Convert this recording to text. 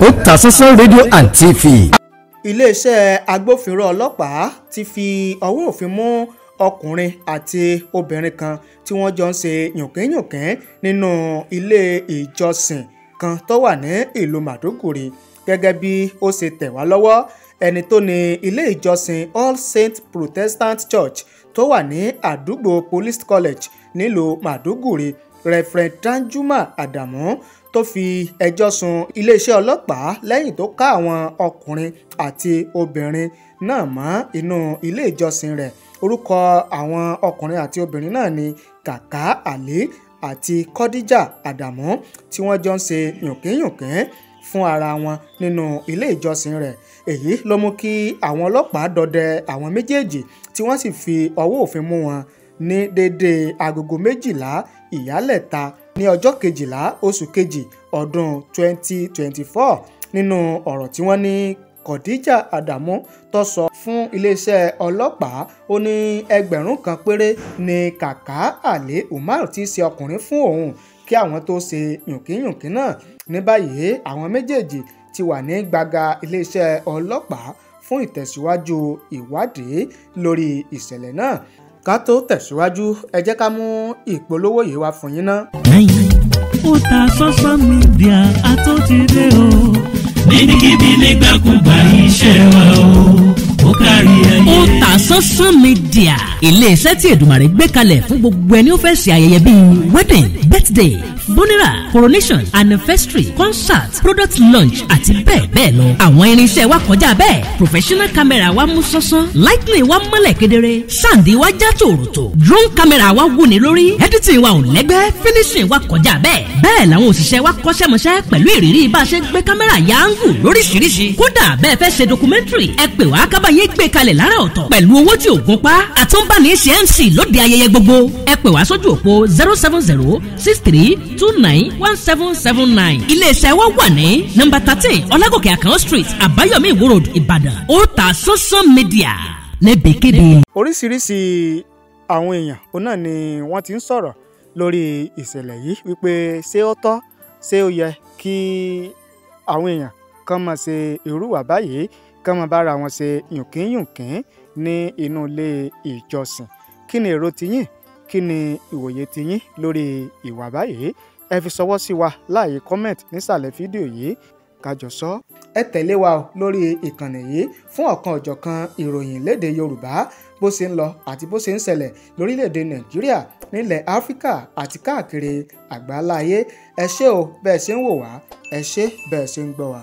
Otasansan rédíò and TV. iléeṣẹ́ agbófinró ọlọ́pàá ti fi ọwọ́ òfin mú ọkùnrin àti obìnrin kan tí wọ́n jọ ń ṣe yùnkínyùnkín nínú ilé ìjọsìn kan tó wà ní ìlú Màdúgùrí gẹ́gẹ́ bí ó ṣe tẹ̀ wá lọ́wọ́ ẹni tó ní ilé ìjọsìn All Saint Protestant Church tó wà ní àdúgbò Police College nílùú Màdúgùrí Reverend Danjuma Adamu tó fi ẹjọ́ sun iléeṣẹ́ ọlọ́pàá lẹ́yìn tó ká àwọn ọkùnrin àti obìnrin náà mọ́ inú ilé ìjọsìn rẹ̀ orúkọ àwọn ọkùnrin àti obìnrin náà ni Kàkà Ali àti Kọ́díjà Àdàmú tí wọ́n jọ ń ṣe yùnkínyùnkín fún ara wọn nínú ilé ìjọsìn rẹ̀ èyí ló mú kí àwọn ọlọ́pàá dọdẹ àwọn méjèèjì tí wọ́n sì fi ọwọ́ òfin mú wọn ní déédéé agogo méjìlá ìyálẹ̀ta ní ọjọ́ kejìlá oṣù kejì ọdún 2024 nínú ọ̀rọ̀ tí wọ́n ní Khadija Adamu tó sọ fún iléeṣẹ́ ọlọ́pàá ó ní ẹgbẹ̀rún kan péré ni kàkà Ali Umar ti ṣe ọkùnrin fún òun kí àwọn tó ṣe yùnkíyùnkí náà ní báyìí àwọn méjèèjì ti wà ní gbàgà iléeṣẹ́ ọlọ́pàá fún ìtẹ̀síwájú ìwádìí lórí ìṣẹ̀lẹ̀ náà ká tó tẹ̀síwájú ẹ jẹ́ ká mú ìpolówó yìí wá fún yín ná. ẹ̀yin ó ta social media àtó ti dé o. níbikíbi nígbàkúgbà iṣẹ́ wa o ó kárí ẹyẹ. ó ta sánsán media iléeṣẹ́ tí Èdùmàrè gbé kalẹ̀ fún gbogbo ẹni ó fẹ́ ṣe ayẹyẹ bíi wedding birthday Bonera coronation anniversary concert product launch àti bẹ́ẹ̀ bẹ́ẹ̀ lọ. àwọn irinṣẹ́ wa kọjá bẹ́ẹ̀ professional camera wa mú sánsán lightning wa mọ́lẹ̀ kedere sandi wa já tòròtò drone camera wa wù ní lórí editing wa ò lẹ́gbẹ́ finishing wa kọjá bẹ́ẹ̀. bẹ́ẹ̀ làwọn òṣìṣẹ́ wa kọ́ṣẹ́mọṣẹ́ pẹ̀lú ìrírí bá a ṣe gbé kámẹ́rà yáǹgù lóríṣiríṣi kódà bẹ́ẹ̀ fẹ́ ṣe documentary ẹ pè wá kábàáyé gbé kalẹ̀ lára ọ̀tọ̀ pẹ̀lú owó tí ò gún pa àtúnbánisẹ́ MC lóde ayẹyẹ gbogbo ẹ pè wá sójú òpó zero seven zero six three two nine one seven seven nine iléeṣẹ́ wa wà ní nọ́mbà thirteen ọlágòkè àkànó street àbáyọ̀mí ìwó road ìbàdàn ó social media. media lẹ́bẹ̀kẹ́bẹ̀. oríṣiríṣi àwọn èèyàn òun náà ni wọ́n ti ń sọ̀rọ̀ lórí ìṣẹ̀lẹ̀ yìí wípé ṣé ó tọ́ ṣé ó yẹ kí àwọn èèyàn kàn máa ṣe ìrúwà báyìí kàn máa bára wọn ṣe yùnkínyùnkín ní inú ilé ìjọsìn kí ni èrò tiyín kí ni ìwòye ti yín lórí ìwà báyìí ẹ fi ṣọwọ́ sí wa láàyè comment nísàlẹ̀ fídíò yìí kájọ sọ. ẹ tẹ̀lé wa lórí ìkànnì yìí fún ọ̀kan ọ̀jọ̀kan ìròyìn léde yorùbá bó ṣe ń lọ àti bó ṣe ń ṣẹlẹ̀ lórílẹ̀‐èdè nàìjíríà nílẹ̀ áfíríkà àti káàkiri àgbáláyé ẹ ṣé o bẹ́ẹ̀ ṣe ń wò wá ẹ ṣé bẹ́ẹ̀ ṣe ń gbọ́ wá.